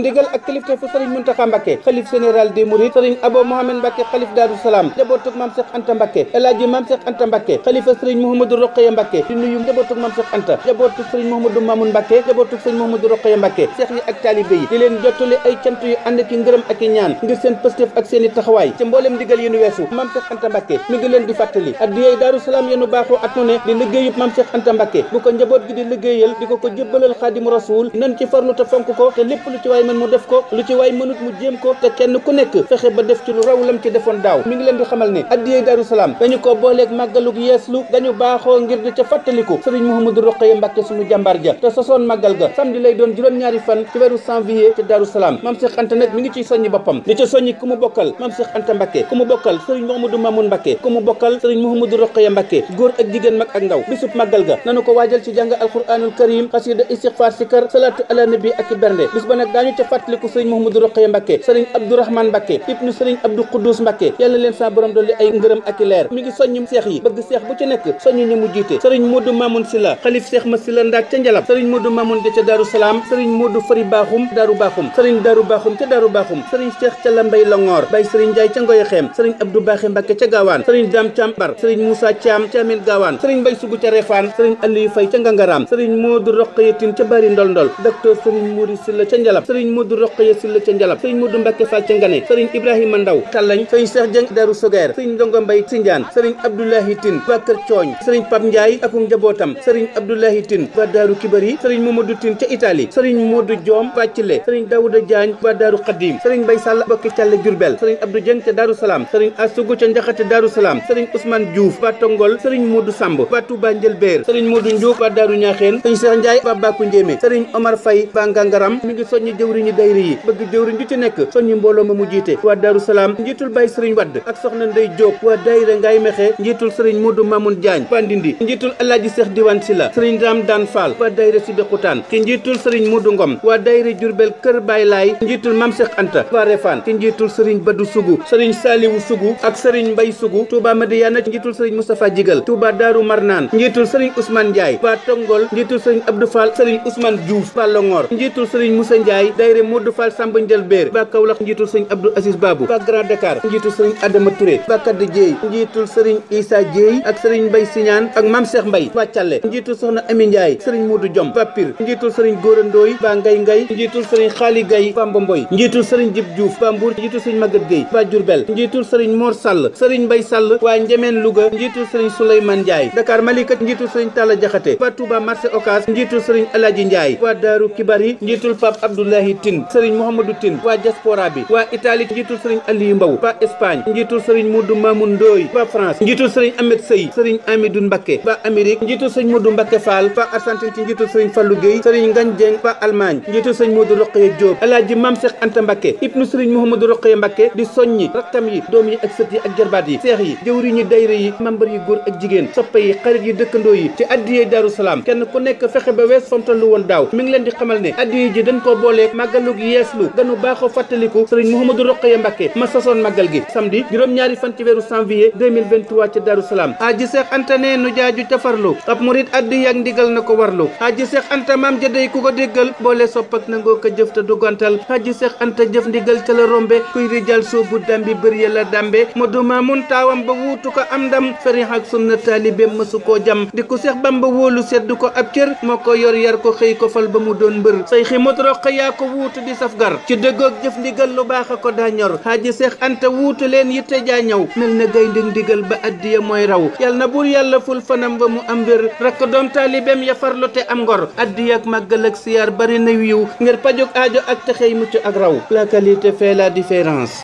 ndigal ak fu serigne muntaka Mbàkke khalif général des mourides serigne Abo mohammed Mbàkke khalif dadou salam njabootug mam Cheikh Anta Mbàkke eladji mam Cheikh Anta Mbàkke khalifa serigne Mouhamadou Rokhaya Mbàkke di nuyu njabootug mam Cheikh Anta njabootug serigne Mouhamadou Mamoun Mbàkke njabootug serigne Mouhamadou Rokhaya Mbàkke cheikh yi ak talibe yi di len jottali ay cant yu ànd ki ngeureum ak ñaan ngir seen pëstëf ak seen taxaway ci mbollem ndigal yi nu weesu maam Cheikh Anta Mbàkke mi ngi len di fatali ak diyey Daaru Salaam yenu baaxoo at mu ne di liggéeyub maam Cheikh Anta Mbàkke bu ko njaboot gi di liggeyel diko ko ko khadim rasoul Rasuul nan ci farlu ta fonk ko te lépp lu ci way mën mu def ko lu ci way mënut mu jëm ko te kenn ku nekk fexé ba def ci lu raw lam ci defon daw mi ngi leen di xamal ne addiye daru salam dañu ko ak magaluk yeslu dañu baaxoo ngir di ca fàttaliku serigne mouhamadou roqaye mbacke sunu jambar ja te sosoon magal ga samedi lay doon juroom ñaari fan ci wéru janvier ci daru salam mam cheikh anta nag mi ngi ci soñi bopam li ci soñi kumu bokal mam cheikh anta mbacke kumu bokal serigne sëriñ mamoun mbacke kumu bokal serigne sëriñ mouhamadou mbacke mbàkke ak jigéen mak ak ndaw bisup magal ga nanu ko wajal ci jang alquranul karim qasida istighfar sikar salatu ala nabi ak bernde bis ba nak dañu fatlikou serigne sëriñ rokhay mbake serigne abdou rahman mbake ibnu serigne Abdou Khoudous mbake yalla len sa borom doli ay ngeureum ak leer mi ngi soññu cheikh yi bëgg cheikh bu ci nek soññu ñi mu jité serigne Modou Mamoun sila xalif cheikh ma Silla ndaak ca njalam sëriñ Modou Mamoun de ci daru salam serigne Modou Fari Baaxum daru Baaxum serigne daru Baaxum ci daru Baaxum serigne cheikh ca Lambay Longoor bay serigne jay ci ngoy xem serigne Abdou Baaxe mbake ci gawan serigne Dam Cambar serigne Moussa cham ca Amin Gaawaan Bay Sugu ci refan serigne Aliou Fay ci ngangaram serigne Modou Rokhaya Tine Bari Ndol Ndol docteur sëriñ Mouri Silla ca njalam sëriñ Modou Rokhaya Sylla ci Njalab serigne Modou Mbacke Fall ci Ngane sëriñ Ibrahima Ndaw Kalañ sëriñ Cheikh jeng daru Sogaire serigne Ndongo Mbay Sindiane sëriñ Abdoulahi Tine waa Kër Cooñ sëriñ Pap Ndiaye ak um jabotam serigne abdullah tin ba daru Kibari serigne Mamadou tin ci italy serigne Modou Diom patile serigne Daouda Diagne ba daru qadim serigne Bay Sall bokki Càlle Jurbel serigne Abdou jeng ci daru salam serigne Asugu ci ndaxati daru salam serigne Ousmane Diouf ba Tongol serigne Modou Samb ba Touba ber serigne Modou ndiou ba daru ñaxen serigne Cheikh Ndiaye ba Baku ndieme serigne Omar fay ba Ngangaram mi ngi soñu jëwriñu dayri yi bëgg jëwriñ ju ci nekk soññi mbooloo ma mu jiite wa daru Salaam njiitul bay Serigne Wadd ak soxna Ndey Diop wa dayra ngay Mexe njiitul Serigne mudu Mamoun Diagne pandindi Ndindi njiitul Alaaji Cheikh Diwan Sila Serigne dan Fall wa dayra Sidi Xutaan ki njiitul Serigne mudu Ngom wa dayra Jurbel Kër bay Laay njiitul mam Cheikh Anta wa Refaan ki njiitul Serigne Badou sugu Serigne saliwu sugu ak Serigne Mbaye sugu Touba Madiyana njiitul Serigne mustapha Jigal Touba daru Marnaan njiitul Serigne Ousmane Ndiaye wa Tongol njiitul Serigne Abdou Fall Serigne Ousmane Diouf fallo ngor njiitul Serigne Moussa Ndiaye daayira Modou Fall Samba Ndial ba Kaolack njiitul sëriñ Abdou Aziz Babou ba Grand Dakar njiitul sëriñ Adama Touré ba Kadd Dieye njiitul sëriñ Issa Dieye ak sëriñ Mbaye Signane ak Mame Cheikh Mbaye ba Thialé njiitul soxna Ami Ndiaye sëriñ Modou Diom ba Pire njiitul sëriñ Gora ba Ngay Ngay njiitul sëriñ Khali Gaye ba Mbomboy njiitul sëriñ Djib Diouf ba Mbour njiitul sëriñ Maguette Gueye ba Diourbel njiitul sëriñ Mor Sall sëriñ Mbaye Sall waa Njemeen Louga njiitul sëriñ Souleymane Ndiaye Dakar Malika njiitul sëriñ Talla Diakhaté ba Touba marché Ocass njiitul sëriñ Aladji Ndiaye Abdoulaye Tine Serigne Mouhamadou Tine waa diaspora bi waa Italie njiitul Serigne Aliou Mbow waa Espagne njiitul Serigne Modou Mamoun Ndoye waa France njiitul Serigne Ahmed Sey Serigne Amidou Mbacké waa Amérique njiitul Serigne Modou Mbacké Fall waa Argentine ci njiitul Serigne Fallou Gueye Serigne Ngagne Dieng waa Allemagne njiitul Serigne Modou Rokhaya Diop Alaaji Mame Cheikh Anta Mbacké ibnu Serigne Mouhamadou Rokhaya Mbacké di soññi rakkam yi doom yi ak sët yi ak jarbaat yi seex yi jëwriñ yi dayre yi magaluk Yeslu, ganu baxo fàttaliku serigne Mouhamadou rokhaye mbake ma sosoon magal gi samedi juróom ñaari fan ci wéru janvier 2023 ci daru salam aji Cheikh antane nu jaaju tafarlu ab mourid addi yak ndigal nako warlu aji Cheikh Anta mam jëdey ku ko bo le sopp ak nangoo ko jeuf ta dugantal aji Cheikh Anta jeuf ndigal ci la rombe kuy rijal bu dambi ya la dambe Modou Mamoun tawam ba wutu ko am dam fariix hak sunna taalibe mësu koo jam di ko Cheikh Bamba wolu seddu ko ab cer moko yor yar ko xey ko fal ba mu don beur say xey mot ko wuutu di saf gar ci dëggoog jëf ndigal lu baax a ko daañor ñor xaaji seex anta wuutu leen yitte jaa ñëw mel na gaynde ndigal ba addiya mooy raw yal na buur yàlla ful fanam ba mu am wér rakk doom taalibeem ya farlu te am ngor addiya ak màggal ak siyaar bari na wiiw ngir pajug aajo ak texey mucc ak raw la qualité différence